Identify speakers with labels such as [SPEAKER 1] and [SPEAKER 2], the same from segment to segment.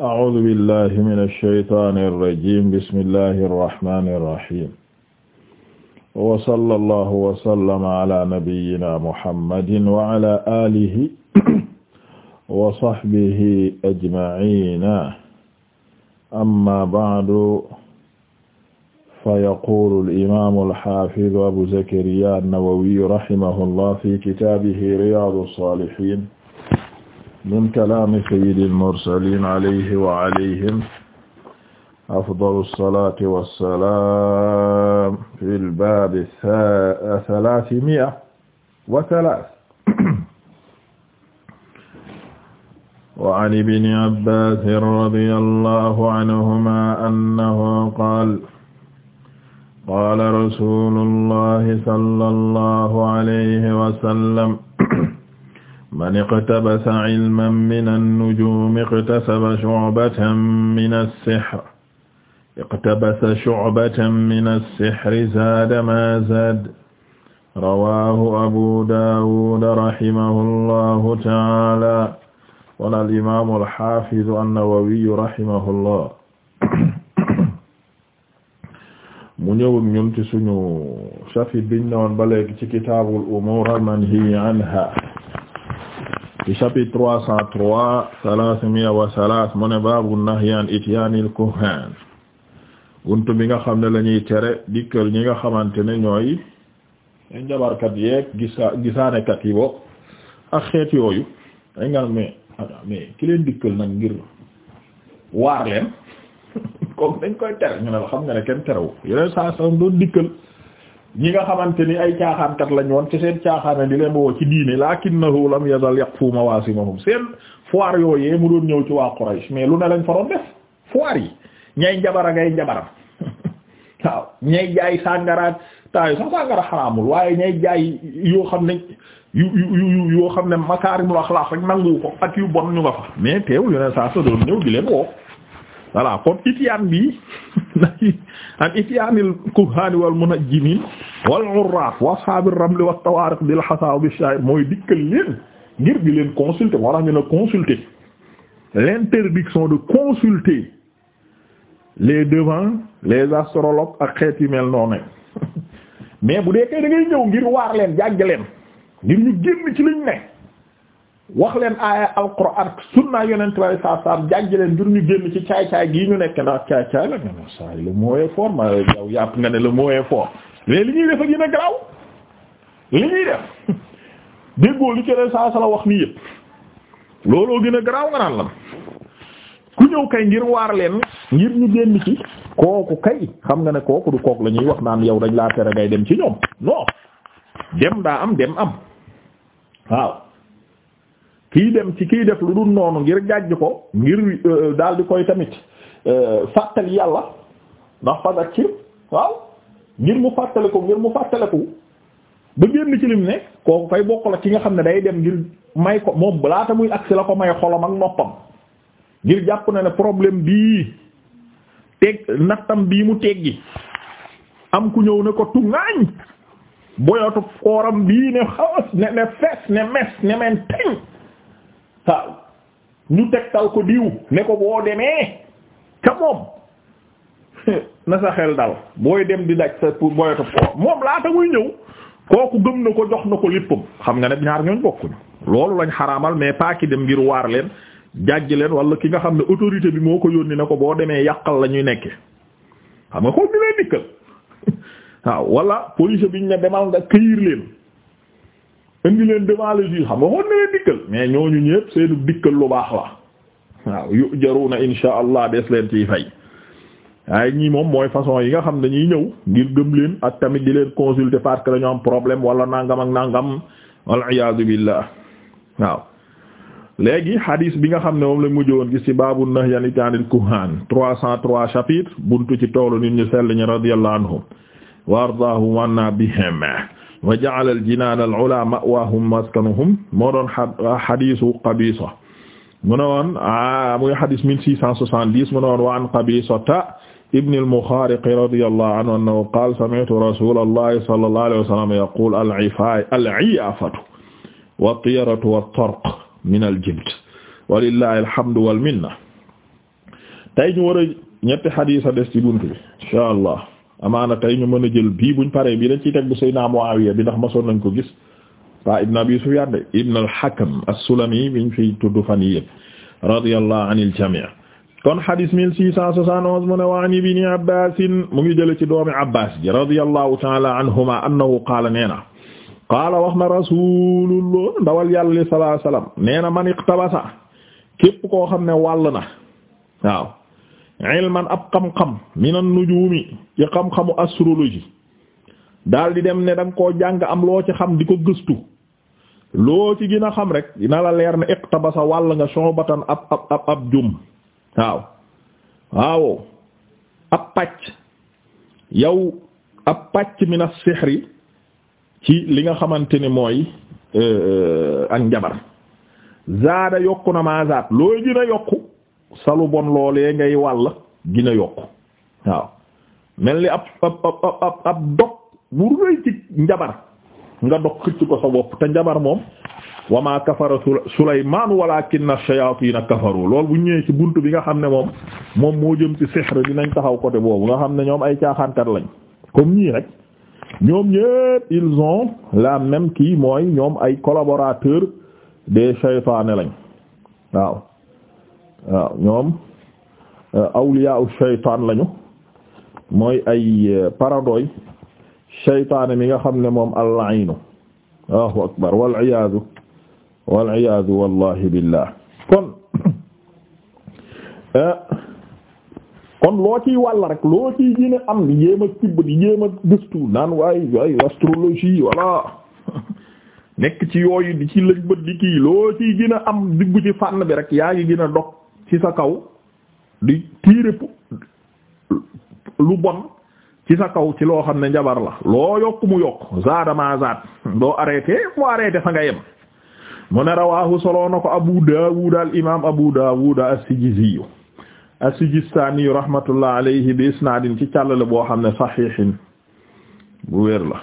[SPEAKER 1] أعوذ بالله من الشيطان الرجيم بسم الله الرحمن الرحيم وصلى الله وسلم على نبينا محمد وعلى آله وصحبه أجمعين أما بعد فيقول الإمام الحافظ أبو زكريا النووي رحمه الله في كتابه رياض الصالحين min kalaami sayyidil mursaliin alayhi wa alayhim afdalu salaati wa salaam fil baabi salaasimiya wa salaas. wa an ibni Abbaas radiyallaahu anhumaa annahu qaala qaala rasuulullaahi sallallaahu alayhi wa sallam. man iqtabasa ilman min an-nujum iqtasaba shu'batan min as-sihr iqtabasa shu'batan min as-sihri zaada ma zaad rawaahu abu daawud rahimahullahu ta'aala wala al-imaamu al-haafidu an-nawawiyu rahimahullah mu ñëw ñun ci suñu chapitre biñ newoon ba léegi ci kitaabul umuur al-manhiyyi anhaa ci chapitre trois cent trois salaas wa salaas mu ne baabu nahyi an ityaanil kuhaan buntu bi nga xam ne la ñuy tere dikkal ñi nga xamante ne ñooy jabarkat yeeg gisa gisaanekat yi bokk ak xeet yooyu dañ nga mais mais ki leen dikkal nag ngir waar leen comme dañ koy tere ñu ne la xam nga ne kenn terewu yeneen saa saa doon dikkal ñi nga xamante ni ay caaxaankat lañ woon ci seen caaxaana di leen woo ci diine lakinnahu lam yazal yaqfu mawasimahum seen foire yooyee mu doon ñëw ci waa Quraysh mais lu ne lañ fa doon def foire yi ñay njabara ngay njabaram waaw ñay jaay sàngaraat taayu sax sàngara xaraamul waaye ñay jaay yoo xam ne yu yu yoo xam ne makaarimul laa rek nangu ko ak yu bon ñu nga fa mais teewul yeneen saa sa doon ñëw di leen woo voilà kon ityaan bi an ityaanil kuhaani wal munajjimiin wal urraaf wa ashaabir ramli wat tawaariq bil hasaa bi shaa'ir mooy dikkal leen ngir di leen consulter moo tax ñu ne consulter l'interdiction de consulter les devants les astrologues ak xeet yu mel noonu mais bu dee kay da ngay ñëw ngir waar leen jàgg leen ngir ñu génn ci liñ ne wax leen aaya alquran sunna yonent bi alayhi salaatu salaam jàngi leen jur ñu génn ci caay-caay gii ñu nekk ndax caay-caay la nga ne saa yi le mot est fort ma yow yàpp nga ne le mot est fort mais li ñuy def ak gën a garaaw li ñuy def déggoo li ci leen saa sala wax nii yëpp looloo gën a garaaw nga naan lan ku ñëw kay ngir waar leen ngir ñu génn ci kooku kay xam nga ne kooku du kook la ñuy wax naan yow dañ laa tere ngay dem ci ñoom non dem daa am dem am waaw. kiy dem ci kii def lu dul noonu ngir jàjj ko ngir euh, daal di koy tamit euh, fàttali yàlla ndax fadakir waaw ngir mu ko ngir mu fàttaliku ba génn ci lim ne kooku fay bokk la ki nga xam ne day dem ngir may ko moom laata muy agsi la ko may xolam ak noppam ngir jàpp na ne problème bii teg nattam bii mu teggi am ku ñëw ne ko tungaañ boyatu kooram bii ne xawas ne ne fees ne mes ne men teñ waaw ñu tegtal ko diw ne ko boo demee ca moom na sa xel dal booy dem di daj sa pour boyatu ko moom laata muy ñëw kooku gëm na ko jox na ko léppam xam nga ne ñaar ñooñ bokkuñu loolu lañ xaraamal mais pas ki dem ngir waar leen jàjj leen wala ki nga xam ne autorité bi moo ko yónni na ko boo demee yàqal la ñuy nekke xam nga ko ñu leen dikkal waaw wala police bi ñu ne demal nga këyir leen indi leen devant le juge xam nga xoon na leen dikkal mais ñooñu ñëpp seenu dikkal lu baax la waaw yu jaruna insha allah des leen ciy fay waaye ñii moom mooy façon yi nga xam ne dañuy ñëw ngir gëm leen ak tamit di leen consulter parce que dañu am problème wala nangam ak nangam wal iyaadu billah waaw léegi hadis bi nga xam ne moom lañ mujjoon gis ci baabu nahyi anil kuhaan trois cent trois chapitre buntu ci toolu nit ñu sell ñi radiyallahu anhum wa wa ja'ala al-jinaan al-'ulaa ma'waahum maskanuhum moo doon hadiisu ah, Qabiisa mu ne woon ah muy hadis 1670 mu ne woon wa an Qabiisata ibn al-Muxaariq radiyallahu anhu annahu qaala sami'tu rasuulallahi sallallahu alayhi wa sallam yaquulu al-'iyaafatu wat-tiyaratu wat-tarqu min al-jibt walillahi alhamdu wal minna tey ñu war a ñetti hadis a des ci buntu bi inshaa Allah amaana tey ñu mën a jël bii buñ paree bii dañ ciy teg bu Seydina Muawiya bi ndax masoon nañ ko gis waa ibn Abi Sufyan de ibn al-Hakam as-Sulami biñ fiy tudd fan yi yëpp radiyallahu anil jami' kon hadis 1671 mu ne wa an ibni abbasin mu ngi jële ci doomi abbas ji radiyallahu taala anhuma annahu qaala nee na qaala wax na rasulullah ndawal yàlla sallallahu alayhi wasallam nee na man iqtabasa képp koo xam ne wàll na waaw ilman ab xam-xam minan nujuumi ci xam dem ne da koo jàng am loo ci xam di ko gëstu loo ci gën a xam rek dina la leer ne iqtabasa wàll nga shobatan jum waaw waaw ab pàcc yow ab pàcc mina sixri ci li nga xamante ne mooy euh, ak njabar zaada yokku na maa zaat looy gën a yokku sa bon lool loolee ngay wàll dina yokk waaw mel ni ab ab ab ab dog bu rëy ci njabar nga dog xëcc ko sa bopp te njabar moom wa ma kafara Sulaymaan walaakinna shayaatiina kafaru loolu bu ñëwee ci bunt bi nga xam ne moom moom moo jëm ci sihr dinañ taxaw côté boobu nga xam ne ñoom ay caaxaankat lañ comme ñii rek ñoom ñépp ils ont la même kii mooy ñoom ay collaborateurs des shaytaane lañ waaw waaw ñoom euh, awliya u lañu mooy ay euh, paradoy shaytaan mi nga xam ne moom al-la'inu Allahu akbar wal iyaadu wal iyaadu kon euh, kon loo ciy wàll rek loo ciy gën a am di jéem a tibb di jéem naan waay waay astrologie walla nekk ci yooyu di ci lëñ bët di kii loo ciy gën a am diggu ci fànn bi rek yaa ngi gën a dog ci sa kaw di tiire lu bon ci kaw ci loo xam ne njabar la loo yokk mu yokk zaada ma zaad doo arrêté mu arrêté fa nga yem mu ne rawaahu soloo ko abu daawud al imaam abu daawud as-sijizi as-sijistani rahmatullah alayhi bi isnaadin ci càllale boo xam ne saxiixin bu wér la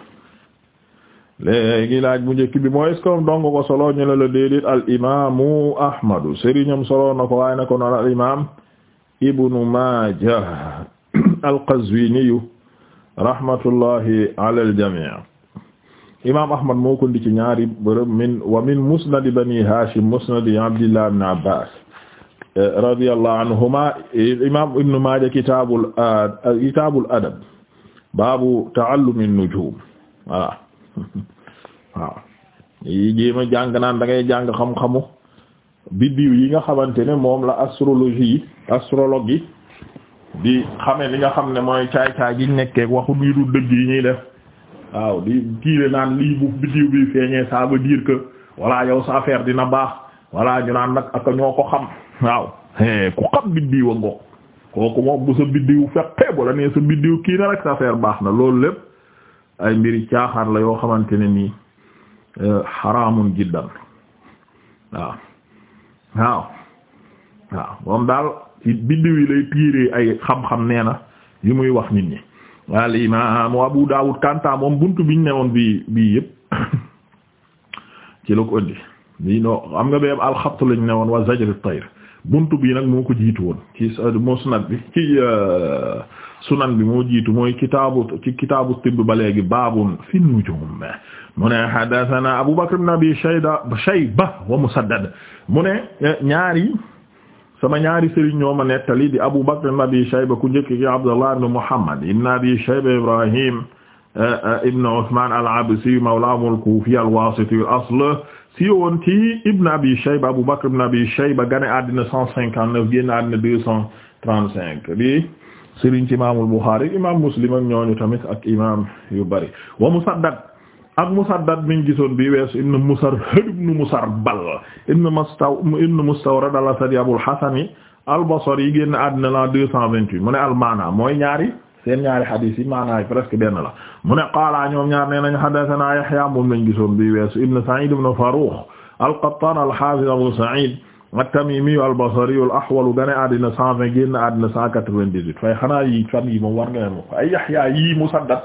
[SPEAKER 1] léegi laaj bu njëkk bi mooy est-ce que dong ko solo ñu la la déedéet al imaamu Ahmadu sëriñam solo na ko waaye na ko noonu al imaam Ibnu Maaja al Qazwiiniyu rahmatullahi ala al jamii imaam Ahmad moo ko ndi ci ñaari bërëb min wa min musnadi bani Haashim musnadi Abdillah ibn Abbaas eh, radiyallahu anhuma imaam Ibnu Maaja kitaabul adab eh, kitaabul adab baabu ta'allumi an-nujum voilà waaw yi jéema jàng naan da ngay jàng xam-xamu biddiw yi nga xamante ne moom la astrologie yi astrologue yi di xame li nga xam ne mooy caay-caay giñ nekkee waxu niidu dëgg yi ñuy def waaw di tiire naan lii bu biddiw bi feeñee ça veut dire que voilà yow sa affaire dina baax voilà ñu naan nag ak ñoo ko xam waaw ku xam biddiw a ngo kooku moom bu sa biddiw fekkee bu la nee sa biddiw kii na rek sa affaire baax na loolu lépp ay mbiri caaxaan la yoo xamante ne nii euh, xaraamun jiddan waaw waaw waaw moom daal ci biddiw yi lay tiiree ay xam-xam nee na yu muy wax nit ñi al imaamu Abu Dawud kanta moom buntu biñ ne woon bii bii yëpp ci la ko ëndi bii noo xam nga beeb alxabtu lañ ne woon wa zajr at bunt bi nag moo ko jiitu woon ci musnad bi ci euh, sunan bi moo jiitu mooy kitaabu ci kitaabu tibb ba léegi baabun fi nujum mu ne hadathana Abu Bakr ibn Abi Shayba Shayba wa mu ne eh, ñaari sama ñaari sëriñ ñoo ma nettali di Abu Bakr ibn Abi ku njëkk ki Abdullah ibn Muhammad ibn Abi Shayba Ibrahim eh, eh, ibn Uthman al asl si woon ci Ibn Abi Shayba Abu Bakr Ibn Abi Shayba gane àddina cent cinquante neuf génn àddina deux cent trente cinq bi sëriñ ci imaamul Bukhari imaam Muslim ak ñooñu tamit ak imaam yu bari wa Musaddad ak Musaddad mi ngi gisoon bi weesu ibn Musarhad ibn Musarbal ibn Mustaw ibn Mustawrad al-Asadi Abul Hasan al-Basri yi génn àddina la deux cent mu ne al-maana mooy ñaari seen ñaari xadis yi maanaam presque benn la mu ne qaala ñoom ñaar nee nañ haddathana Yahya moom lañ gisoon bi weesu ibn Sa'id ibn Farrukh al-Qattan al-Hafiz Abu Sa'id at-Tamimi al-Basri al-Ahwal gane àddina 120 génn àddina 198 fay xanaa yi fan yi moom war nga leen ay Yahya yi Musaddad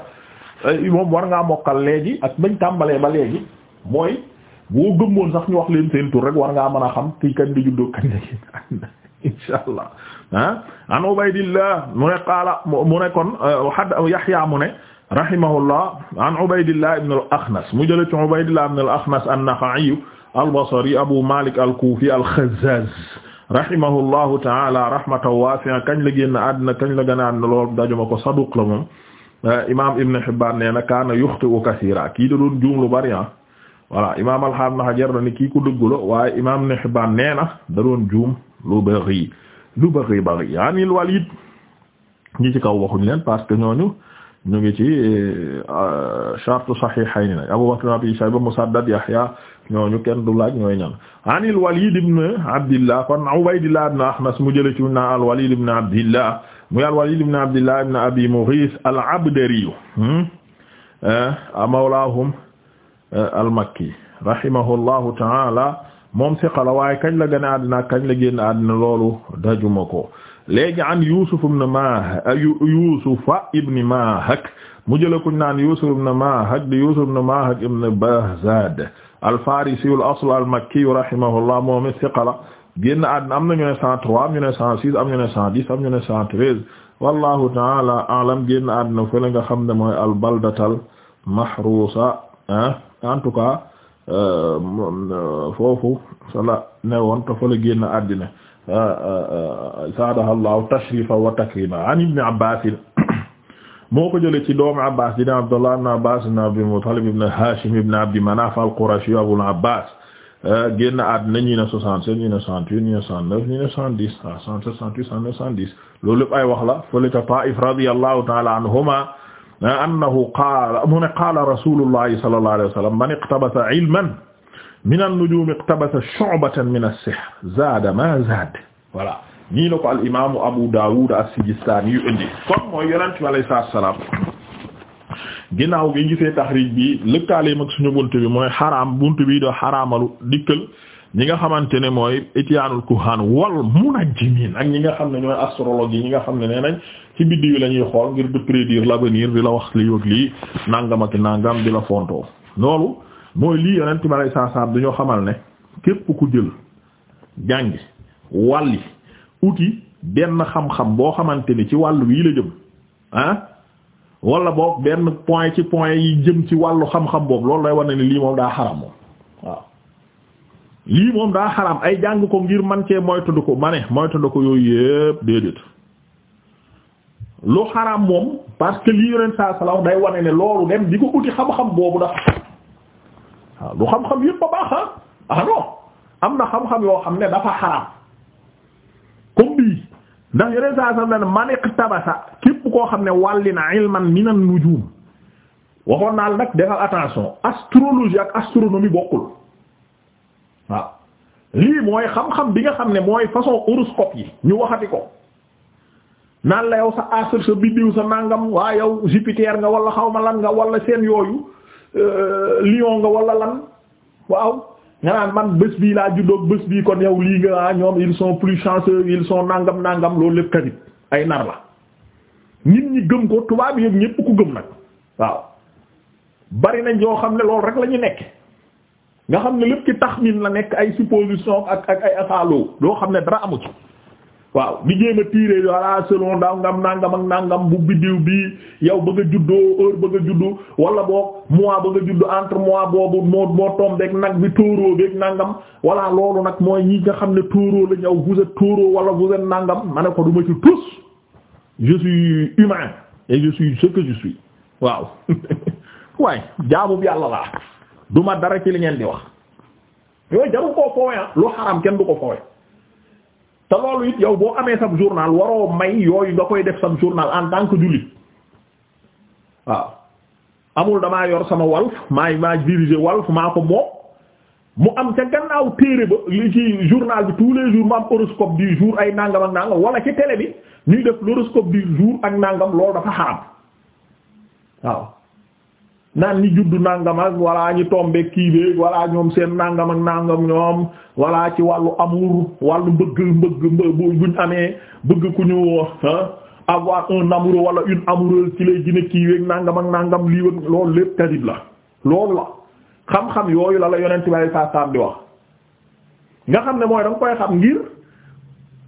[SPEAKER 1] moom war ngaa mokkal léegi ak bañ tàmbalee ba léegi mooy boo gëmmoon sax ñu wax leen seen tur rek war ngaa mën a xam kii kañ di juddoo kañ la génn àddina inshallah ah an Ubaydillah mu ne qaala mu ne kon euh, Yahya mu ne rahimahullah an Ubaydillah ibn al-Akhnas mu jële ci Ubaydillah ibn al-Akhnas an-Nakha'i al-Basri Abu Malik al-Kufi al-Khazzaz rahimahullahu ta'ala rahmatan wasi'a kañ la génn àddina kañ la gën a àddina lool dajuma ko saduq la moom euh, imam Ibn Hibban nee na kaana yukhti'u kathiran kii da doon juum lu bari ah. voilà imam al-Hafiz Ibn Hajar ni kii ku dëggu la waaye imam Ibn Hibban nee na da doon juum lu bari du bëri bëri anil Walid ñi ci kaw waxuñ leen parce que ñooñu ñu ngi ci shartu euh, euh, sahihayn nag Abu Bakr Abi Shayba Musaddad Yahya ñooñu kenn du laaj ñooy ñan anil Walid ibn Abdillah kon Ubaydillah ibn Ahnas mu jële ci na al Walid ibn Abdillah muy al Walid ibn Abdillah ibn Abi Mughis al Abdari hmm? euh, mawlahum al Makki rahimahullahu ta'ala moom siqa la waaye kañ la gane àddina kañ la génn àddina loolu dajuma ko léegi an Yusuf ibn Mahak Yusufa ibn Mahak mu jëlee kuñ naan Yusuf ibn Mahak di Yusuf ibn Mahak ibn Bahzad al-Farisi al-asl al-Makki rahimahullah moom siqa la génn àddina am na ñu ne 103 am ñu ne 106 am ñu ne 110 am ñu ne 113 wallahu ta'ala a'lam génn àddina fële nga xam ne mooy al-baldatal mahrusa en tout cas Euh, euh, foofu sala ne woon te fa la génn àddina euh, zaadaha allahu tashrifa wa takrima an ibni abbas moo ko jële ci doomu abbas dina abdullah ibn abbas ibn abdul muttalib ibn hashim ibn abdi manaf al qurashi abul abbas génn àddina ñi ne soixante-sept ñi ne soixante-huit ñi ne soixante-neuf ñi ne soixante-dix soixante-sept soixante-huit soixante-neuf soixante-dix loolu lépp ay wax la fële ca Taif radiyallahu ta'ala anhuma annahu qaala mu ne qaala rasulullahi sallallahu alayhi wa sallam man iqtabasa ilman min an-nujum iqtabasa shu'batan min as-sihr zaada ma zaad voilà nii la ko al imaamu Abu Dawud as-Sijistani yu indi kon mooy yonent bi alayhi salaatu wa salaam ginnaaw gi gisee taxriij bi lëkkaaleem ak suñu bunt bi mooy xaraam bunt bi da xaraamalu dikkal ñi nga xamante ne mooy ityaanul kuhan wal munajjimin ak ñi nga xam ne ñooy astrologue yi ñi nga xam ne nee nañ ci biddi yu la ñuy xool ngir di prédire l'avenir di la wax li yoog lii nangam ak nangam di la fontoo loolu mooy lii yonent bi alay saa saam dañoo xamal ne képp ku jël jàngi wàlli uti benn xam-xam boo xamante ni ci wàll wii la jëm ah wala boog benn point ci point yi jëm ci wàllu xam-xam boobu loolu lay war ne ni lii moom daa xaram moom lii moom daa xaraam ay jàng ko ngir man cee moytandu ko ma ne moytandu ko yooyu yëpp déedéet lu xaraam moom parce que lii yoneen day wane ne di ko uti xam boobu dafa waaw lu xam ah. ah na xam yoo xam ne dafa xaraam comme bii ndax yoneen saa salaam ne man koo xam ne wàlli na ilman minan nujum waxoon naa la nag defal attention astrologie ak astronomie bokkul. waaw lii mooy xam-xam bi nga xam ne mooy façon horoscope yi ñu waxati ko naan la yow sa astre sa biddiw sa nangam waa yow Jupiter nga wala xaw ma lan nga wala seen yooyu euh, Lion nga wala lan waaw nga naan man bés bii laa juddoog bés bii kon yow lii nga ah ñoom ils sont plus chanceux ils sont nangam nangam loolu lépp tamit ay nar la nit ñi gëm ko tubaab yëpp ñëpp ku gëm nag waaw bari nañ yoo xam ne loolu rek la nekk nga xam ne lépp ci taxmin la nekk ay supposition ak ak ay asaaloo doo xam ne dara amu ci waaw di jéem a tirer voilà selon daaw ngam nangam ak nangam bu biddiw bi yow bëgg a juddoo heure bëgg a juddu wala boog mois bëgg nga juddu entre mois boobu moo moo tombeeg nag bi tóoroo beeg nangam voilà loolu nag mooy ñii nga xam ne tóoroo la ñëw vous tóoroo wala vous êtes nangam ma ne ko du ma ci tous je suis humain et je ce que je waaw waaye jaamu du ma dara ci li ngeen di wax yooyu jaru koo foowe ah, lu xaram kenn du ko foowe te loolu it yow boo amee sam journal waroo may yooyu nga koy def sam journal en tant que jullit waaw amul damaa yor sama walf may maa diriger walf maa ko moom mu am ca gannaaw téere ba li ci journal bi tous les jours mu am horoscope du jour ay nangam ak nangam wala ci télé bi ñuy def l'horoscope du jour ak nangam loolu dafa xaram waaw naan ni juddu nangam ak walla ñi tombe kii walla ñoom seen nangam ak nangam ñoom walla ci wàllu amour wàllu mbëgg mbëgg buñ amee bëgg ku ñu avoir un amoureux wala une amoureuse ci lay gën a kii weeg nangam loolu lépp kadib la loolu la xam-xam yooyu la la yonent bi saa saam wax nga xam ne mooy da nga koy xam ngir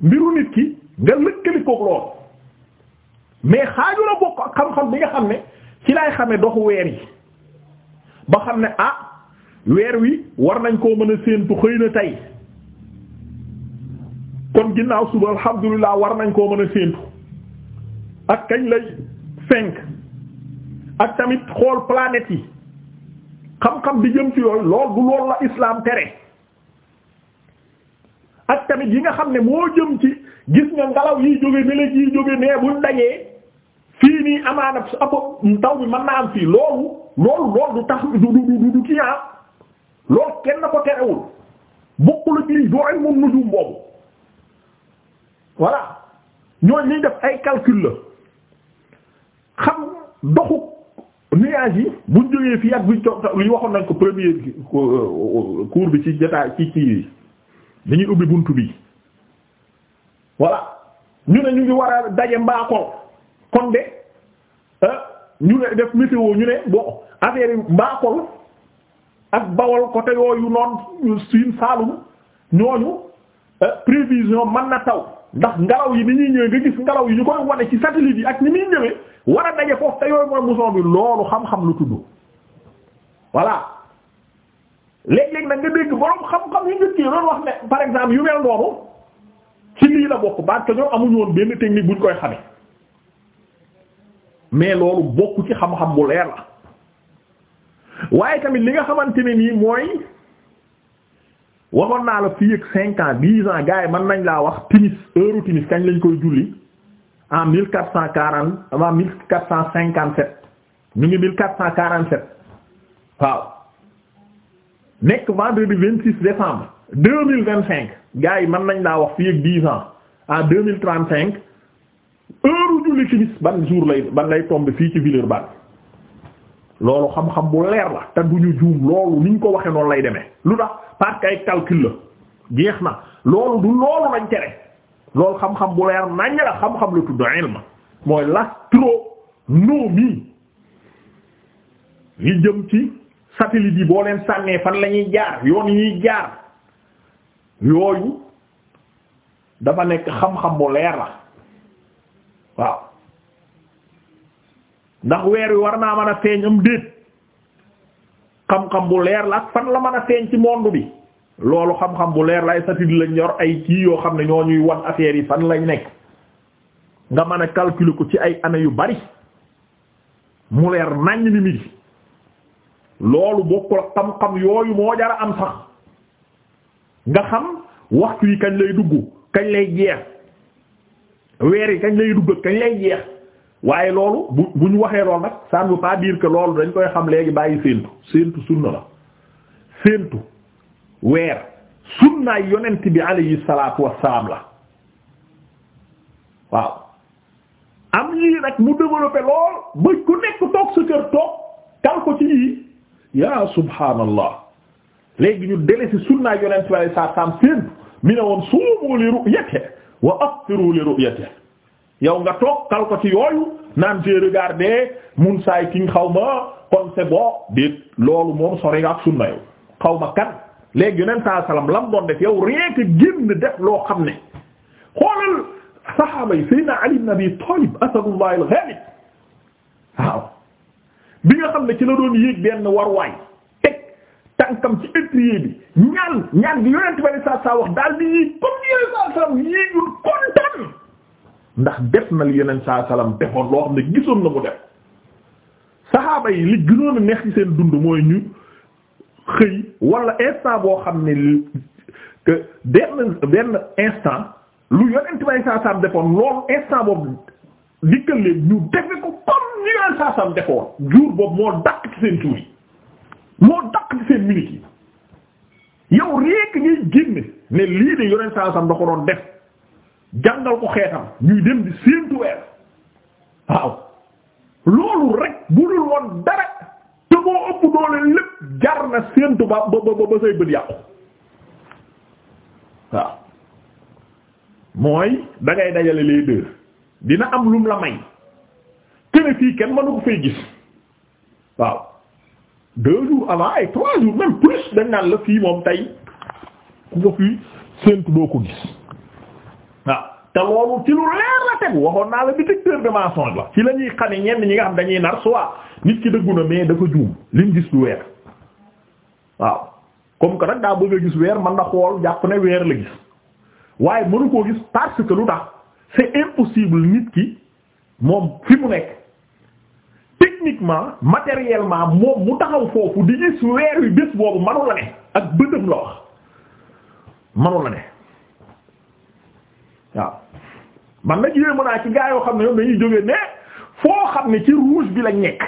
[SPEAKER 1] mbiru nit ki nga lëkkali koog lool mais xaaju la bokk ak xam-xam bi nga xam ne ci lay xame doxu weer yi ba xam ne ah weer wi war nañ koo mën a séentu xëy na tey kon ginnaaw suba alhamdulilah war nañ koo mën a séentu ak kañ lay fenk ak tamit xool planet yi xam-xam bi jëm ci yooyu lool bu lool la islam tere ak tamit yi nga xam ne moo jëm ci gis nga ngelaw yi jóge ne la jiy jóge ne buñ dajee fii nii amaana ab taw bi mën na am fii loolu. loolu loolu du tax du du du du kii ah loolu kenn ko terewul bokkul ak lii doo ay mun nujum boobu voilà ñooñu liñ def ay calcul la xam doxu nuage yi buñ jógee fii ak buñ co li waxoon nañ ko premier euh, cours bi ci jotaay ci ci dañuy ubbi buntu bi voilà ñu ne ñu ngi war a daje mbaakool kon de euh, ñu ne def météo ñu ne bon affaire yi mbaakol ak bawol côté yooyu noonu siin saalum ñooñu euh, prévision mën na taw ndax ngelaw yi ni ñuy ñëwee nga gis ngelaw yi ñu koy wane ci satelite yi ak ni muy ñëwee war a daje foofu te yooyu mooy mousson bi loolu xam-xam lu tudd voilà léeg-léeg nag nga dégg boroom xam-xam yu njëkk yi wax ne par exemple yu mel noonu ci lii la bokk baa que ñoom amuñu woon benn technique buñ koy xamee mais loolu bokk ci xam-xam bu leer la waaye tamit li nga xamante ne nii mooy waxoon naa la fi ak cinq ans dix ans gars yi mën nañ laa wax timis heure timis kañ lañ koy julli en mille quatre cent quarante avant mille quatre cent cinquante sept ñu ngi mille quatre cent quarante sept waaw nekk vendredi vingt six décembre deux mille vingt cinq gars yi mën nañ laa wax fii ak dix ans en deux mille trente cinq heure julli timis ban jour lay ban lay tomber fii ci Villeurbanne loolu xam-xam bu leer la te duñu juum loolu niñ ko waxee noonu lay demee lu tax parce que ay calcul la jeex na loolu du loolu lañ tere loolu xam-xam bu leer nañ la xam-xam la tudd ilma mooy l'astronomie li jëm ci satellite yi boo leen sànnee fan lañuy jaar yoon yi ñuy jaar yooyu dafa nekk xam-xam bu leer la waaw ndax weer wi war naa mën a feeñ am déet xam-xam bu leer la ak fan la mën a feeñ ci monde bi loolu xam-xam bu leer la ay satellite lañ yor ay kii yoo xam ne ñoo ñuy wax affaire yi fan lañ nekk nga mën a calculer ko ci ay années yu bari mu leer naññ ni mi gi loolu bokkul xam-xam yooyu moo jar a am sax nga xam waxtu yi kañ lay dugg kañ lay jeex weer yi kañ lay dugg kañ lay jeex waaye loolu bu bu ñu waxee lool nag ça ne veut pas loolu dañ koy xam léegi bàyyi séentu séentu sunna la séentu weer sunnaay yonent bi alayhi salaatu wassalaam la waaw am yii nag mu développé lool ba ku nekk toog sa kër toog kal ko ci yii yaa subhaanallah léegi ñu dele ci sunnaay yonent bi alayhi salaatu wassalaam séentu mi ne woon suumu li wa aftiru li yow nga toog kal ko ci yooyu naan j'ai regardé mun saay king xaw ma kon c'est loolu moom sori nga ak sunna yow xaw ma kan léegi yonent saa salaam lam doon def yow rien génn def loo xam ne xoolal saxaaba yi Seydina Ali ibn Abi Talib asadullah waaw bi nga xam ne ci la doon yéeg benn warwaay teg tànkam ci étrier bi ñaan ñaan gi yonent ba ne saa saa wax daal di yéeg comme yonent saa salaam yéegul kontaan ndax def na li yeneen saa salaam defoon loo xam ne gisoon na mu def saxaaba yi li gënoon a neex ci seen dund mooy ñu xëy wala instant boo xam ne li benn benn instant lu defoon loolu instant boobu dikkal leen ñu defe ko comme ñu yonent saasam defoon jour boobu moo dàq ci seen tuur yi moo dàq ci seen minutes yi yow rekk ngay génne ne lii de yonent saasam da ko doon def jàngal ko xeetam ñuy dem di séentu weer waaw loolu rek bu dul woon dara te boo ëpp doole lépp jar na séentu ba ba ba say bët yàqu waaw mooy da dajale les deux dina am lum la may kene fii kenn mënu ko fay gis waaw deux jours avant ay trois jours même plus dañ la fii moom tey ku ko fi séentu doo ko gis waaw te loolu ci lu leer la tegu waxoon naa la détecteur de mensonge la ci la ñuy xamee ñenn ñi nga xam dañuy nar soit nit ki dëggu na mais dafa juum liñ gis lu weer waaw comme que nag daa bëgg a gis weer man na xool jàpp ne weer la gis waaye mënu koo gis parce que lu tax c'est impossible nit ki moom fi mu nekk techniquement matériellement moom mu taxaw foofu di gis weer wi bés boobu manu la ne ak bëtam la wax manu ne waaw man nag yéemu naa ci gaa yoo xam ne ñoom dañuy jógee ne foo xam ne ci rouge bi lañ nekk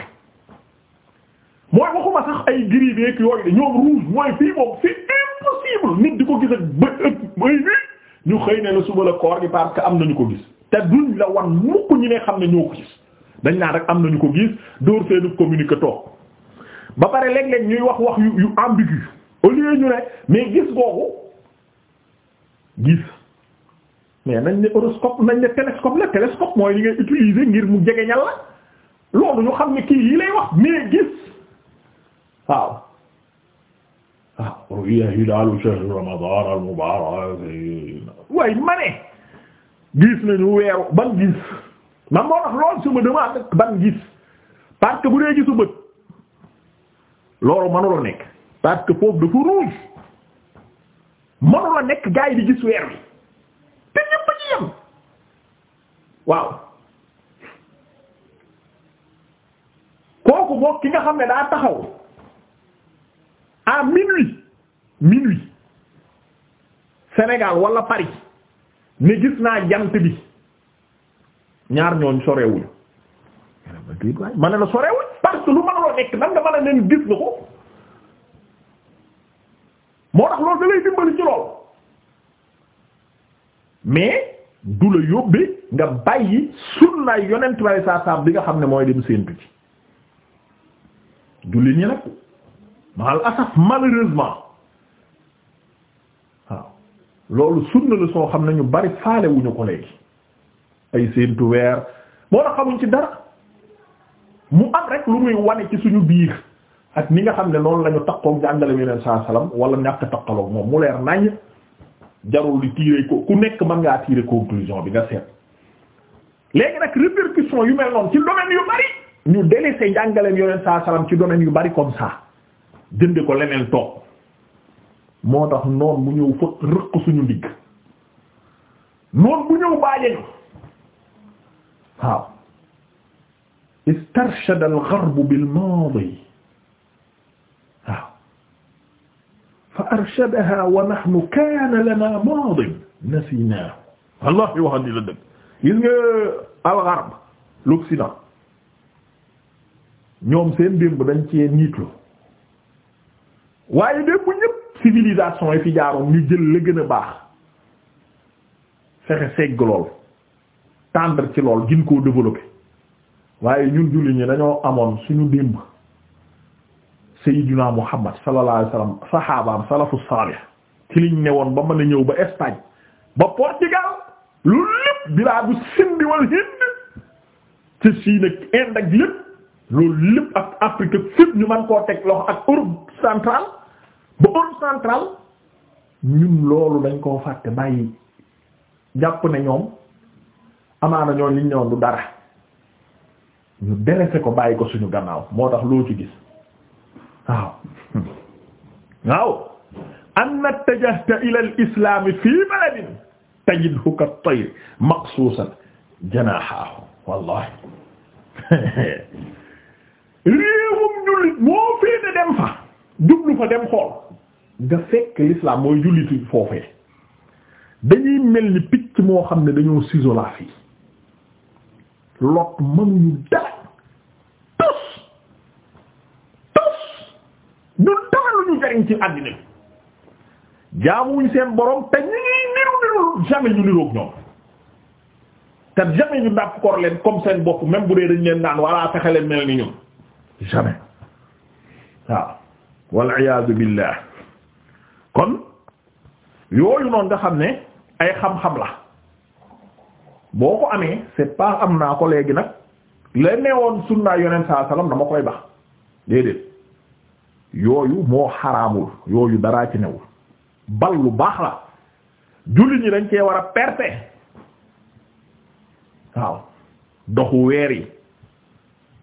[SPEAKER 1] mooy waxuma sax ay gris beeg yooyu de ñoom rouge mooy fii moom c'est impossible nit di ko gis ak bët ak bay bi ñu xëy ne la suba koor gi parce que am nañu ko gis te duñ la wan mukk ñi ne xam ne ñoo gis dañ naa rek am nañu ko gis dóor seenu communiqué toog ba pare léeg-léeg ñuy wax wax yu yu ambigu au lieu ñu ne mais gis googu gis mais nañ ne horoscope nañ ne télescope la télescope mooy li ngay utiliser ngir mu jegeñal la loolu ñu xam ne kii yi lay wax mais gis waaw waaw ruya hilaalu shahri ramadan al mubarak waaye ma gis nañu weeru ban gis man moo tax loolu suma demande ban gis parce bu dee gisu bët loolu manula nekk parce foofu dafa rouge manula nekk gaa di gis weer bi waaw kooku mook ki nga xam ne daa taxaw à minuit minuit Sénégal wala Paris ne gis naa jant bi ñaar ñooñ sorewuñ ma ne la sorewuñ parce que lu mën loo nekk nan nga a leen gis nga ko moo tax loolu da lay dimbali ci lool mais du la yóbbee nga bàyyi sunnaay yonent bi saa saam bi nga xam ne mooy dem séentu ci jullit ñi nag mal asaf malheureusement waaw loolu sunna la soo xam na ñu bari faale wuñu ko léegi ay séentu weer moo tax xamuñ ci dara mu am rek lu muy wane ci suñu biir ak ni nga xam ne loolu lañu takkook jàngale yeneen saa salaam wala ñàkk takkalook moom mu leer nañ jarul di tirer ko ku nekk mën ngaa tirer conclusion bi nga seet léegi nag répercussion yu mel noonu ci domaine yu bari ñu délaissé njàngaleem yoneen saa salaam ci domaine yu bari comme ça jënd ko leneen toog moo tax noon bu ñëw fëkk rëq suñu ndigg noon bu ñëw baaje ñu waaw istarshada al-gharb bil maadi fa arshadaha wa nahnu kaana lana maadin nasinaahu wallahi waxan di la dëgg gis nga al-gharb ñoom seen démb dañ cee niitlu waaye démb ñëpp civilisation yi fi jaaroon ñu jël la gën a baax fexe segg lool tendre ci lool gin koo développer waaye ñun julli ñi dañoo amoon suñu démb sayyidina Muhammad sallallahu alayhi wasallam saxaabaam salafu ci liñ ne woon ba mën a ñëw ba Espagne ba Portugal lu lépp bilaadu Sind wal Hind ci Siin ak Inde ak lépp loolu lépp ak Afrique fépp ñu mën koo teg loxo ak Europe centrale ba Europe centrale ñun loolu dañ koo fàtte bàyyi jàpp ne ñoom amaana ñoom liñ ne woon du dara ñu délaissé ko bàyyi ko suñu gannaaw moo tax loo ci gis waaw waaw an nattajahta ila al islam fi baladin tajidhu ka tayr maqsuusan janaahaahu wallahi réewum jullit moo fii ne dem fa jublu fa dem xool nga fekk l'islam mooy jullitu foofee dañuy mel ni picc moo xam ne dañoo sisolaa fii lot mënuñu dara du dara lu ñu jariñ ci àddina bi jaamuwuñ seen borom te ñu ngi niru niru jamais ñu niroog ñoom te jamais ñu dàpp kor leen comme seen bopp même bu dee dañ leen naan walla fexe leen mel ni ñun jamais waaw wal iyaadu billah kon yooyu noon nga xam ne ay xam-xam la boo ko amee c'est pas am naa ko léegi nag la woon sunnaa yonent saa salaam dama koy bax déedéet yooyu moo xaraamul yooyu daraa ci newul bal lu baax la jullit ñi dañ cee war a perte waaw doxu weer yi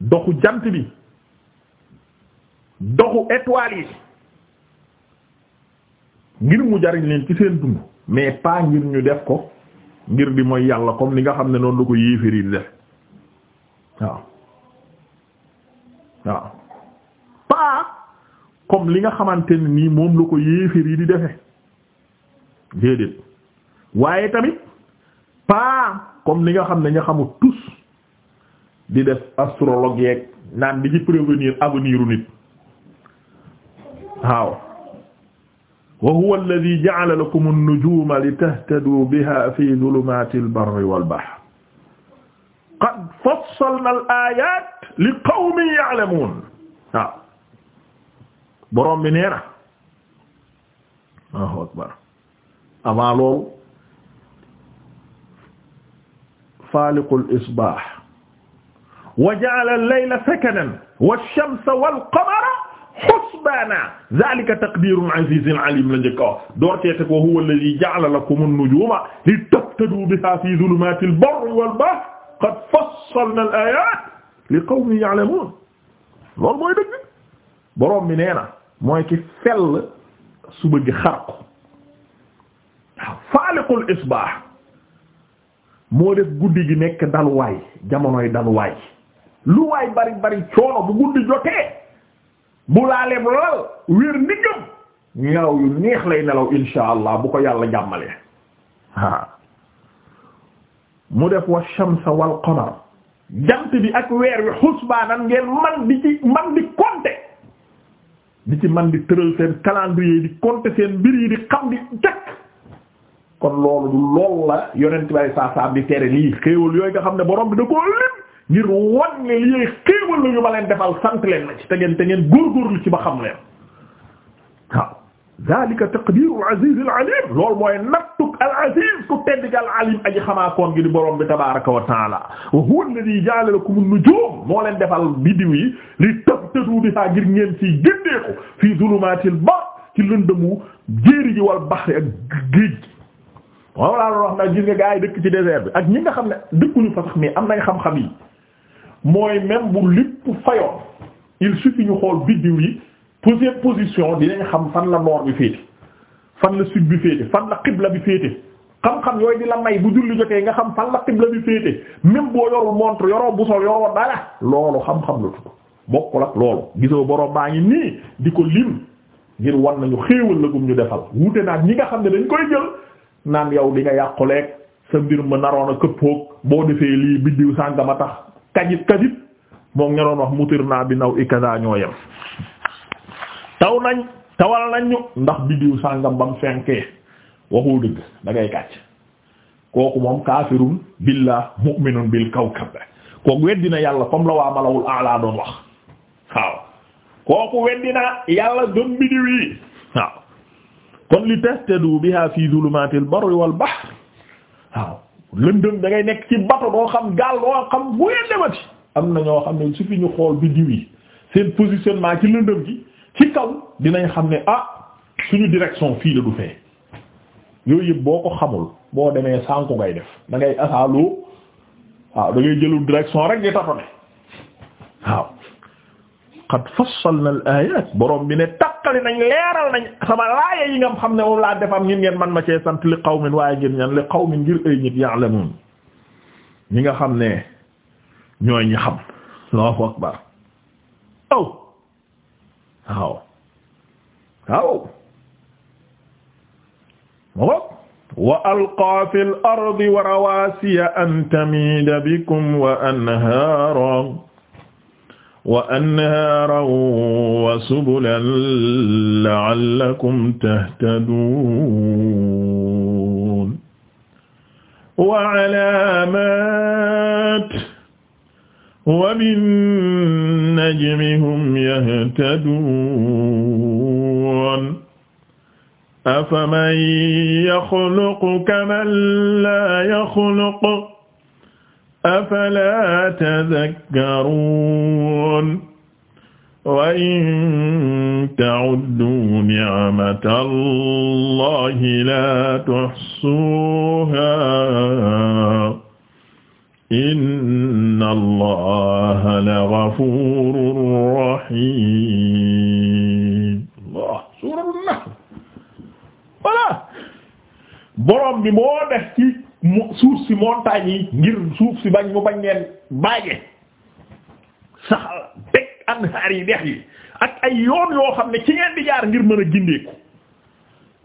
[SPEAKER 1] doxu jant bi doxu étoiles yi ngir mu jariñ leen ci seen dund mais pas ngir ñu def ko ngir di mooy yàlla comme li nga xam ne noonu la ko yéeféer yi di def waaw waaw comme li nga xamante ne nii moom la ko yéeféer yi di defe déedéet waaye tamit pas comme li nga xam ne ñu xamul tous di def astrologue yeeg naan di ci prévenir avenir u nit waaw wa huwa alladhi ja'ala lakum an-nujuma litahtadu biha fi dhulumati al-barri wal-bahri qad fassalna al-ayati li qawmin ya'lamun waaw borom bi nee na Allahu akbar avant loolu faaliqul isbah wa ja'ala al-layla sakanan wash-shamsa wal-qamara xusbaana zalika taqdirun azizin alim la njëkk a wax door cee teg wa huwa alladhi ja'ala lakum an-nujuma litahtadu biha fi zulumatil barri wal bahri qad fassalna al-ayat li qawmin ya'lamun loolu mooy dëgg borom mi nee na mooy ki fell suba gi xar ko waaw faaliqul moo def guddi gi nekk daluwaay jamonoy daluwaay lu waay bari bari coono bu guddi jotee bu laalee bu lal wér ndiggam nelaw yu neex lay nelaw insha bu ko yàlla jàmmalee ah mu def wa shamsa wal qamar jant bi ak weer wi xusbaanan ngeen man di man di compter di ci man di tëral seen calendrier di compter seen mbir di xam di jekk kon loolu du lool la yonent bay saa saa di tere lii xéewal yooyu nga xam ne boroom bi da koo lim ngir wan ne lii xéewal la ñu ma defal sant leen na te ngeen te ngeen ci ba xam leen waaw zalika taqdirul azizil alim loolu mooy nag al-aziz ku tedd gi alim aji xamaakoon gi di boroom bi tabaaraka wa ta'ala wa huwa alladhi ja'ala lakum an-nujum moo leen defal biddiw yi li tahtadu biha ngir ngeen ci gindeeku fi zulumatil bahr ci lëndëmu jéeri ji wal bahri ak géej gi moom laa doon wax nag gis nga gaa yi dëkk ci désert bi ak ñi nga xam ne dëkkuñu fa sax mais am nañ xam-xam yi mooy même bu lépp fayoon il suffit ñu xool biddiw yi pour position dinañ xam fan la noor bi féete fan la sud bi féete fan la xibla bi féete xam-xam yooyu di la may bu julli jotee nga xam fan la xibla bi féete même boo yorul montre yoroo busol yoroo dara loolu xam-xam la tudd bokkul ak loolu gisoo borom baa ngi nii di ko lim ngir wan nañu xéewal la gum ñu defal wuute naan ñi nga xam ne dañ koy jël naan yow di nga yàquleeg sa mbir ma naroon a këppoog boo defee lii biddiw sàngama tax kajit kajit moom nga doon wax mutir naa bi naw i ñoo yem taw tawal nañ ñu ndax biddiw sàngam bam fenkee waxul dëgg da kàcc kooku moom kaafirun billah mu'minun bil kawkab kooku weddina yàlla comme la waa malawul a'la doon wax waaw kooku weddina yàlla gëm biddiw yi waaw kon li tastadu biha fi zulumatil barri wal bahr waaw lëndëm da nekk ci bato doo xam gaal doo xam bu leen demati am na ñoo xam ne su fi ñu xool biddiw yi seen positionnement ci lëndëm gi ci kaw dinañ xam ne ah suñu direction fii la du fee yooyu yëpp boo ko xamul boo demee sànku ngay def da ngay asaaloo waaw da ngay jëlul direction rek di tatone waaw qad fassalna al ayat borom bi ne takkali nañ leeral nañ sama laaya yi nga xam ne moom laa defam ngin ngeen man ma cee sant li qawmin waaye ngir ñan li qawmin ngir ay nit ya'lamun ñi nga xam ne ñooy ñi xam allahu akbar aw waaw waaw wa alqaa fi al-ardi wa rawaasiya an tamiida bikum wa anhaaran wa anhaaran wa subulan la'allakum tahtaduun wa alaamaat wa bin-najmi hum yahtaduun afaman yaxluqu kaman laa yaxluqu afalaa tadakkaruun wa in ta'udduu ni'matallaahi laa tuhsuuhaa inna allaha la ghafurur rahim allah borom bi moo def ci suuf si montagne yi ngir suuf si bañ mu bañ leen baaje sax dëkk anhaar yi dex ak ay yoon yoo xam ne ci ngeen di jaar ngir mën a gindeeku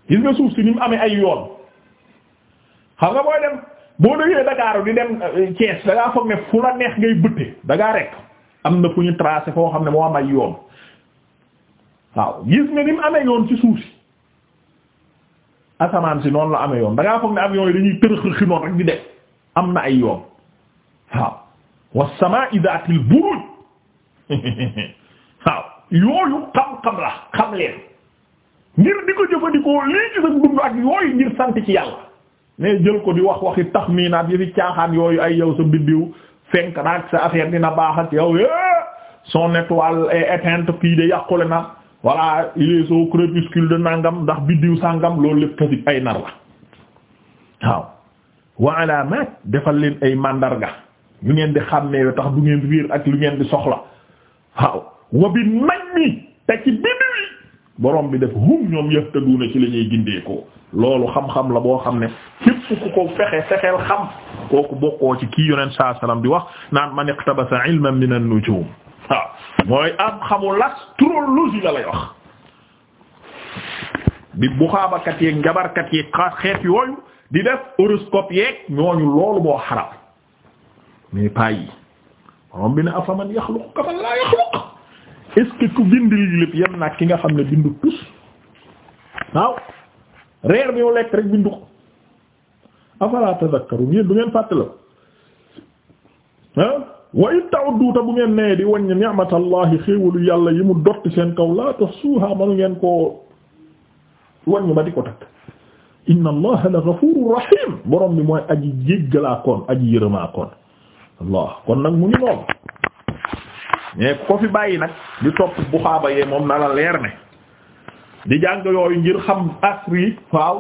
[SPEAKER 1] gis nga suuf si ni mu amee ay yoon nga booy dem boo dëggee Dakar di dem euh, Thiès da foog ne fu la neex ngay bëtte da rek am na fu ñu tracé foo xam ne moo am ay yoon waaw gis nga ni mu amee yoon ci suuf si asamaan si noonu la amee yoon da ngaa foog ne avion yi dañuy tërëxër si noonu rek di def am na ay yoon waaw was-samaa'i daatil waaw yooyu xam-xam la xam leen ngir di ko jëfandikoo lii ci sa ak yooyu ngir sant ci yàlla. mais jël ko di wax waxi taxminaat yi di caaxaan yooyu ay yow sa biddiw fenk naag sa affaire dina baax ak yow eh, son étoile est éteinte fii de yàqule na voilà il est au crépuscule de nangam ndax biddiw sangam loolu lépp kasi ay nar la waaw wa defal leen ay màndarga yu ngeen di xàmmee tax du ngeen riir ak lu ngeen di soxla waaw wa bi naj mi te ci biddiw yi borom bi def hum ñoom yëf tëddu na ci la ñuy loolu xam-xam la boo xam ne képp ku ko fexe fexeel xam kooku bokkoo ci kii yonent saa di wax naan man iqtabasa ilman min an-nujum waaw mooy am xamu l'astrologie la lay wax bi buxaabakat yeeg njabarkat yeeg xeet yooyu di def horoscope yeeg ñooñu loolu moo xaram mais pas yi moom bi ne afaman yaxluqu kaman laa yaxluq est-ce que ku bind lii lépp yem nag ki nga xam ne bindu tus waaw reer bi mu lekk rek bindu ko afala tadhakkarun yéen du ngeen fàttala ah wa in ta'uddu bu ngeen nee di waññ ni'matallahi xéewalu yàlla yi mu dotti seen kaw la tuhsuha manu ngeen koo waññ ba di ko takk inna allaha la ghafurur rahim borom bi mooy aji jéggalaa koon aji yërëmaa koon allah kon nag mu ngi noonu mais ko fi bàyyi nag di topp bu xaaba yee moom na la leer ne di jàng yooyu ngir xam asri waaw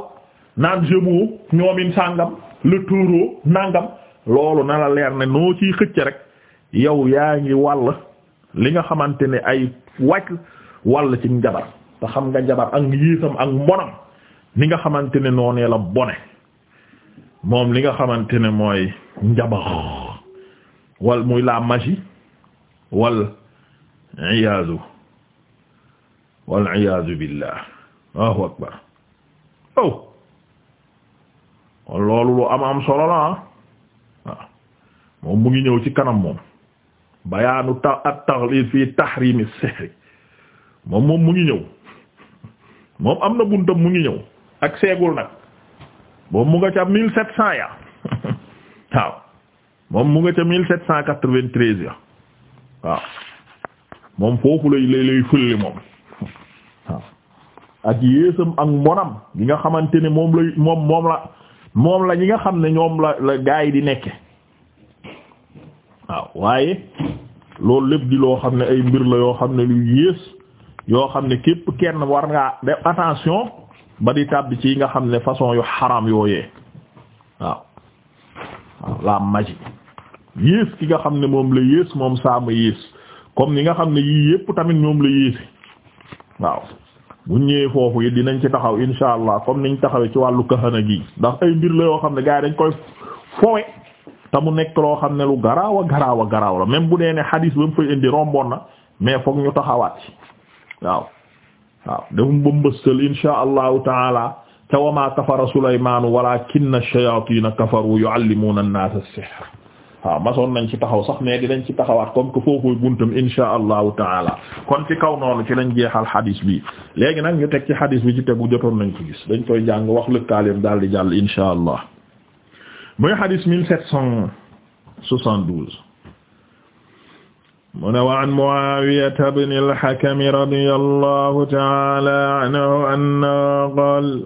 [SPEAKER 1] naan jëmoo ñoomin sàngam le taureau nangam loolu na la leer ne noo ciy xëcc rek yow yaa ngi wàll li nga xamante ne ay wàcc wàll ci njabar te xam nga njabar ak yéesam ak mbonam ni nga xamante ne noonee la bone moom li nga xamante ne mooy njabar wal muy la magie wal iyaazu wala iyaazu billah Allahu akbar aw oh. kon loolu lu am am solo la ah. ah moom mu ngi ñëw ci kanam moom bayaanu ta at taxliid fii taxriimi sihri moom moom mu ngi ñëw moom am na buntam mu ngi ñëw ak seegul nag moom mu nga ca ya waaw moom mu nga ca mille sept ya waaw moom foofu lay lay lay moom waaw ak yéesam ak mbonam gi nga xamante ne moom la moom la moom la ñi nga xam ne ñoom la la gaa yi di nekke waaw waaye loolu lépp di loo xam ne ay mbir la yoo xam ne lu yées yoo xam ne képp kenn war ngaa def attention ba di tàbbi ci yi nga xam ne façon yu xaram yooye waaw waaw la magie yées ki nga xam ne moom la yées moom saama yées comme ni nga xam ne yii yépp tamit ñoom la yéese waaw bu ñëwee foofu it dinañ ci taxaw insha allah comme niñ taxawee ci wàllu kahana gi ndax ay mbir la yoo xam ne gars yi dañ koy fowe te mu nekk loo xam ne lu garaaw a garaaw a la même bu dee ne xadiis ba mu fay indi romboon na mais foog ñu taxawaat ci waaw waaw defum ba mbëstal insha allahu taala ca wa maa kafara sulaymaanu walaakinna shayaatiina kafaru yuallimuuna an-naasa as-sihr waaw masoon nañ ci taxaw sax mais dinañ ci taxawaat comme que foofu buntum insha allahu taala kon ci kaw noonu ci lañ jeexal xadiis bi léegi nag ñu teg ci xadiis bi ci tegu jotoon nañ ko gis dañ koy jàng wax lëkkaaleem daal di jàll insha allah muy xadiis mille sept cent soixante mu ne wa an Muaawiyata bni al-Hakam radiyallahu taala anhu anna qaala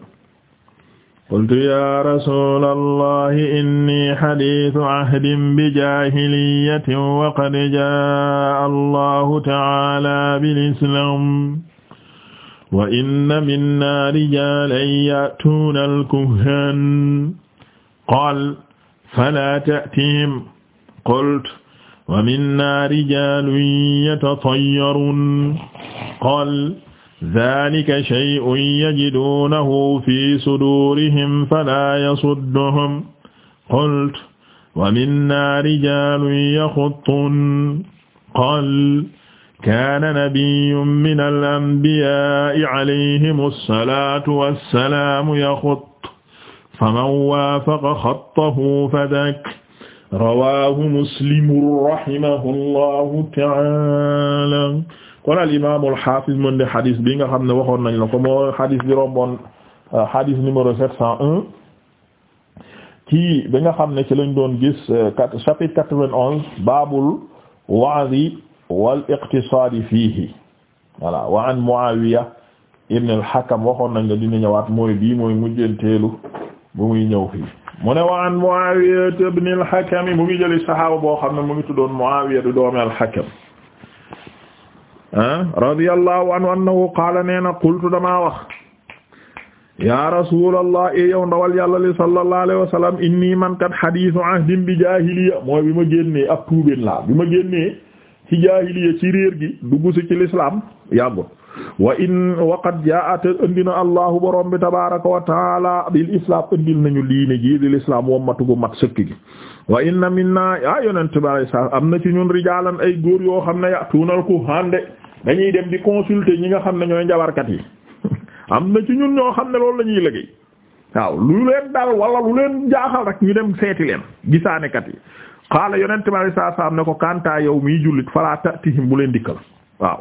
[SPEAKER 1] qultu ya rasula allahi inni xadiisu ahdin bijahiliyatin wa qad jaa allahu taala bilislam wa inna minna rijalan ya'tuuna alkuhhaan qaal falaa ta'tihim qultu wa minna rijalun yatatayyaruun qaal zaalika shay'un yajiduunahu fi suduurihim falaa yasudduhum qultu wa minnaa rijaalun yaxuttuun qaala kaana nabiyyun minal anbiyaa'i alayhimu salaatu wa salaamu yaxuttu faman waafaqa xattahu fadaka rawaahu muslimun rahimahullaahu ta'aalaa kon al imaam al haafiz mën de xadis bi nga xam ne waxoon nañ la ko moo xadis bi romboon euh, xadis numéro 701 ci bi nga xam ne ci lañ doon gis euh, chapitre 91 baabul wa'zi wal iqtisaadi fiihi voilà wa an Muawiya ibn al Hakam waxoon nañ la dina ñëwaat mooy bii mooy mujjanteelu bu muy ñëw fii mu ne wa an Muawiya ibn al Hakam mu ngi jëli saxaaba boo xam ne mu ngi tuddoon Muawiya du doomi al Hakam radiyallahu anhu annahu qaala nee na wax ya rasulallah e yow ndawal yàlla li sallallahu alayhi inni man kat hadithu ahdin bi jahiliya mooy bi ma génnee ab tuubeen laa bi ma génnee ci jahiliya ci gi dugg si ci l'islam yàggut wa in waqad andina allahu borom bi tabaraka wa taala bil islam andil nañu diine ji l'islam wommatu gu mat sëkk wa inna minna ya yonent bi am na ci ñun rijalan ay góor yoo xam ne yatuunal ku dañuy dem di consulter ñi nga xam ne ñooy njabarkat yi am na ci ñun ñoo xam ne loolu lañuy ñuy liggéey waaw lu leen dal wala lu leen jaaxal rek ñu dem seeti leen gisaanekat yi xaala yonent ma saa saa ne ko kantaa yow miy jullit falaa tatihim bu leen dikkal waaw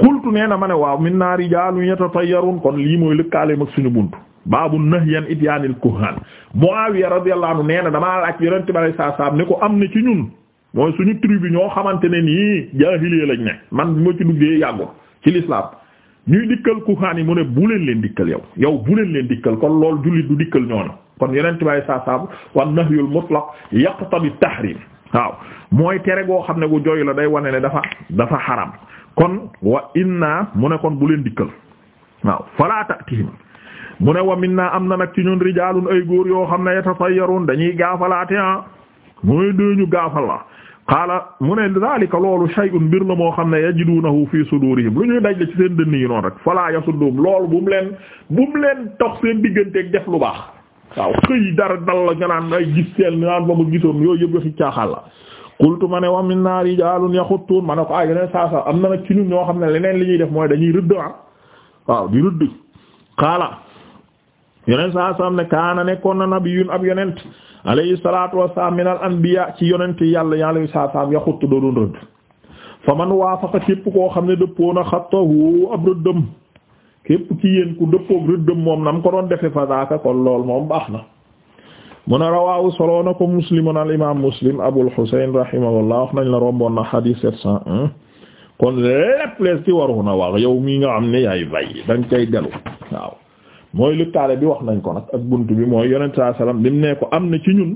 [SPEAKER 1] xultu nee na ma ne waaw min naa rijaalun yatatayyarun kon lii mooy lëkkaaleem ak suñu bunt baabu nahyan ityaanil kuhaan Muawiya radiyallahu anhu nee na damaa laaj yonent ma saa saa ne ko am na ci ñun mooy suñu tribu ñoo xamante ne nii jaahiliya lañ ne man moo ci duggee yàggul ci l'islam ñuy dikkal kuxaan yi mu ne bu leen leen dikkal yow yow bu leen leen dikkal kon lool jullit du dikkal ñooñu kon yeneen tubaab yi saa saabu wan nahyul mutlaq yaqtadi tahrim waaw mooy tere goo xam ne gu jooy la day wane ne dafa dafa xaram kon wa inna mu ne kon bu leen dikkal waaw fala ta'tihim mu ne wa minna am na nag ci ñun rijaalun ay góor yoo xam ne yatatayyarun dañuy gaafalaate ah ñu gaafal qaala mu ne zalika loolu shay'un mbir la moo xam ne yajidunahu fi sudurihim lu ñuy daj la ci seen dënn yi noonu rek fala yasuddum loolu bu mu leen bu mu leen tax seen digganteeg def lu baax waaw xëy dara dal la nga naan ay gis seel naan ba mu gisoon yooyu yëpp ci caaxaan la qultu ma ne wa minna rijalun yaxuttun ma ne ko ah yeneen saa saa am na nag ci ñun ñoo xam ne leneen li ñuy def mooy dañuy rëdd ah waaw di rëdd qaala yonent saa saam ne kaana nekkoon na nabiyun ab yonent alayhi salaatu wassalaam minal anbiya ci yonent yàlla yàlla yu saa saam yaxuttu doo doon rëdd fa man waafaqa képp koo xam ne dëppoona xattahu ab rëddëm képp ci yéen ku dëppook rëddëm moom nam ko doon defe fa daaka kon lool moom baax na mu ne rawaawu soloo na ko muslimun al imam muslim abul husayn rahimahullah wax nañ la romboon na hadith na cent un kon lépp lees ci waru na wax yow mii nga xam ne yaay bay dañ cay delu mooy lëkkaale bi wax nañ ko nag ak bunt bi mooy yonent saa salaam lim ne ko am na ci ñun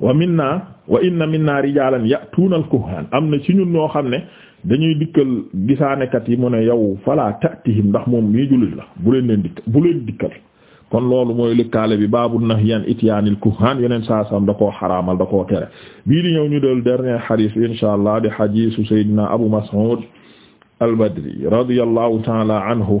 [SPEAKER 1] wa minna wa inna minna rijalan ya'tuuna al-kuhaan am na ci ñun ñoo xam ne dañuy dikkal gisaanekat yi mu ne yow falaa ta'tihim ndax moom mii jullit la bu leen leen dikk bu leen dikkal kon loolu mooy lëkkaale bi baabu nahyan ityaanil kuhaan yeneen saa salaam da koo xaraamal da koo tere bii di ñëw ñu del dernier xadiis insha allah di xadiisu Seydina Abu Mas'ud al-Badri radiyallahu ta'ala anhu